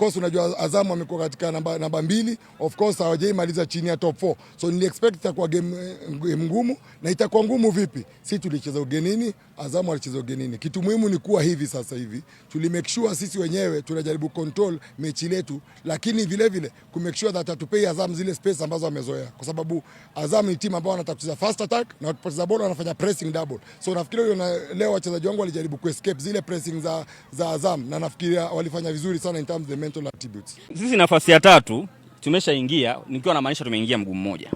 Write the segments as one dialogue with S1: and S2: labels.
S1: course unajua Azamu amekuwa katika namba, namba mbili. Of course hawajaimaliza chini ya top 4, so nili expect itakuwa eh, game, ngumu. Na itakuwa ngumu vipi? Si tulicheza ugenini, Azamu alicheza ugenini. Kitu muhimu ni kuwa hivi sasa hivi tuli make sure sisi wenyewe tunajaribu control mechi letu, lakini vile vile ku make sure that hatupei Azamu zile space ambazo amezoea, kwa sababu Azamu ni timu ambayo wanataka kucheza fast attack na wakipoteza bola wanafanya pressing double. So nafikiri hiyo leo wachezaji wangu walijaribu ku escape zile pressing za, za Azamu na nafikiria walifanya vizuri sana in terms of the fundamental attributes.
S2: Sisi nafasi ya tatu tumeshaingia, nikiwa na maanisha tumeingia mguu mmoja.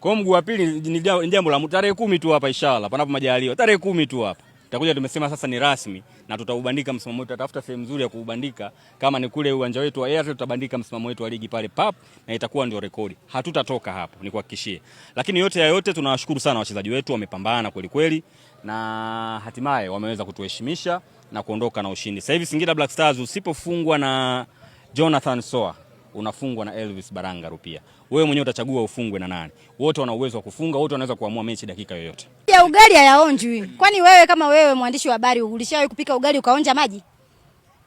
S2: Kwa mguu wa pili ni jambo la tarehe kumi tu hapa, inshallah panapo majaliwa, tarehe kumi tu hapa tutakuja tumesema sasa ni rasmi na tutaubandika msimamo wetu, tafuta sehemu nzuri ya kuubandika. Kama ni kule uwanja wetu wa Airtel, tutabandika msimamo wetu wa ligi pale pap, na itakuwa ndio rekodi. Hatutatoka hapo, kuhakikishie. Lakini yote ya yote, tunawashukuru sana wachezaji wetu, wamepambana kweli kweli na hatimaye wameweza kutuheshimisha na kuondoka na ushindi. Sasa hivi Singida Black Stars usipofungwa na Jonathan Soa unafungwa na Elvis Baranga Rupia. Wewe mwenyewe utachagua ufungwe na nani. Wote wana uwezo wa kufunga, wote wanaweza kuamua mechi dakika yoyote.
S3: Ya ugali hayaonjwi. Kwani wewe kama wewe mwandishi wa habari ulishawahi kupika ugali ukaonja maji?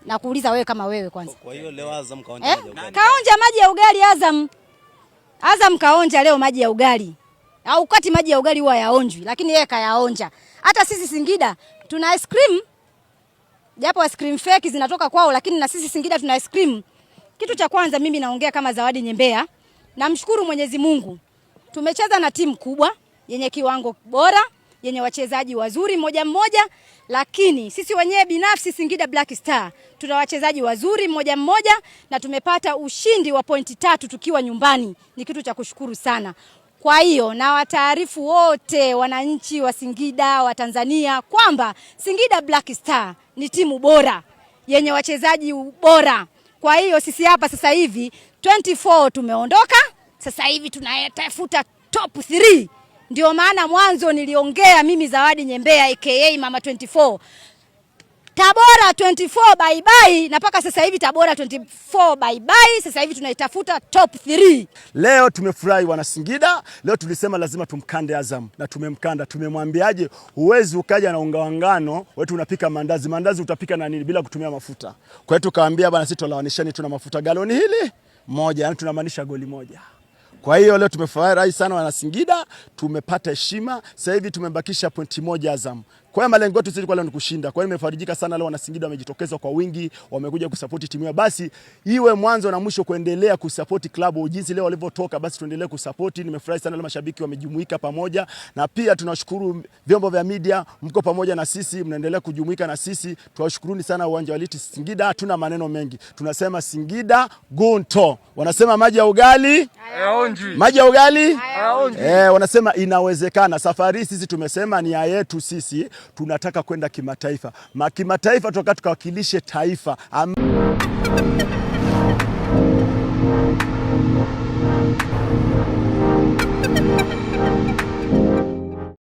S3: Na kuuliza wewe kama wewe kwanza.
S4: Kwa hiyo leo Azam kaonja eh, maji ya ugali.
S3: Kaonja maji ya ugali Azam. Azam kaonja leo maji ya ugali. Au kati maji ya ugali huwa yaonjwi, lakini yeye kayaonja. Hata sisi Singida tuna ice cream. Japo ice cream fake zinatoka kwao, lakini na sisi Singida tuna ice cream. Kitu cha kwanza mimi naongea kama Zawadi Nyembea, namshukuru Mwenyezi Mungu. Tumecheza na timu kubwa yenye kiwango bora yenye wachezaji wazuri mmoja mmoja, lakini sisi wenyewe binafsi Singida Black Star tuna wachezaji wazuri mmoja mmoja, na tumepata ushindi wa pointi tatu tukiwa nyumbani, ni kitu cha kushukuru sana. Kwa hiyo na wataarifu wote wananchi wa Singida wa Tanzania kwamba Singida Black Star ni timu bora yenye wachezaji bora. Kwa hiyo sisi hapa sasa hivi 24 tumeondoka, sasa hivi tunatafuta top 3. Ndio maana mwanzo niliongea mimi Zawadi Nyembea aka Mama 24 Tabora 24 bye bye, na mpaka sasa hivi Tabora 24 bye bye, sasa hivi tunaitafuta top 3.
S1: Leo tumefurahi wana Singida, leo tulisema lazima tumkande Azam na tumemkanda. Tumemwambiaje? Huwezi ukaja na unga wa ngano wetu unapika mandazi, mandazi utapika na nini bila kutumia mafuta? Kwa hiyo tukaambia bwana, sisi tunalawanishani, tuna mafuta galoni hili moja, yani tunamaanisha goli moja. Kwa hiyo leo tumefurahi sana wana Singida, tumepata heshima. Sasa hivi tumebakisha pointi moja Azam. Kwa hiyo malengo yetu sisi kwa leo ni kushinda. Kwa hiyo nimefarijika sana leo wana Singida wamejitokeza kwa wingi, wamekuja kusapoti timu yao. Basi iwe mwanzo na mwisho kuendelea kusapoti klabu jinsi leo walivyotoka, basi tuendelee kusapoti. Nimefurahi sana leo mashabiki wamejumuika pamoja, na pia tunashukuru vyombo vya media, mko pamoja na sisi, mnaendelea kujumuika na sisi. Tuwashukuruni sana uwanja wa Liti Singida, hatuna maneno mengi, tunasema Singida Gunto, wanasema maji ya ugali maji ya ugali eh, wanasema inawezekana. Safari sisi tumesema nia yetu sisi tunataka kwenda kimataifa, ma kimataifa tunataka tukawakilishe taifa Am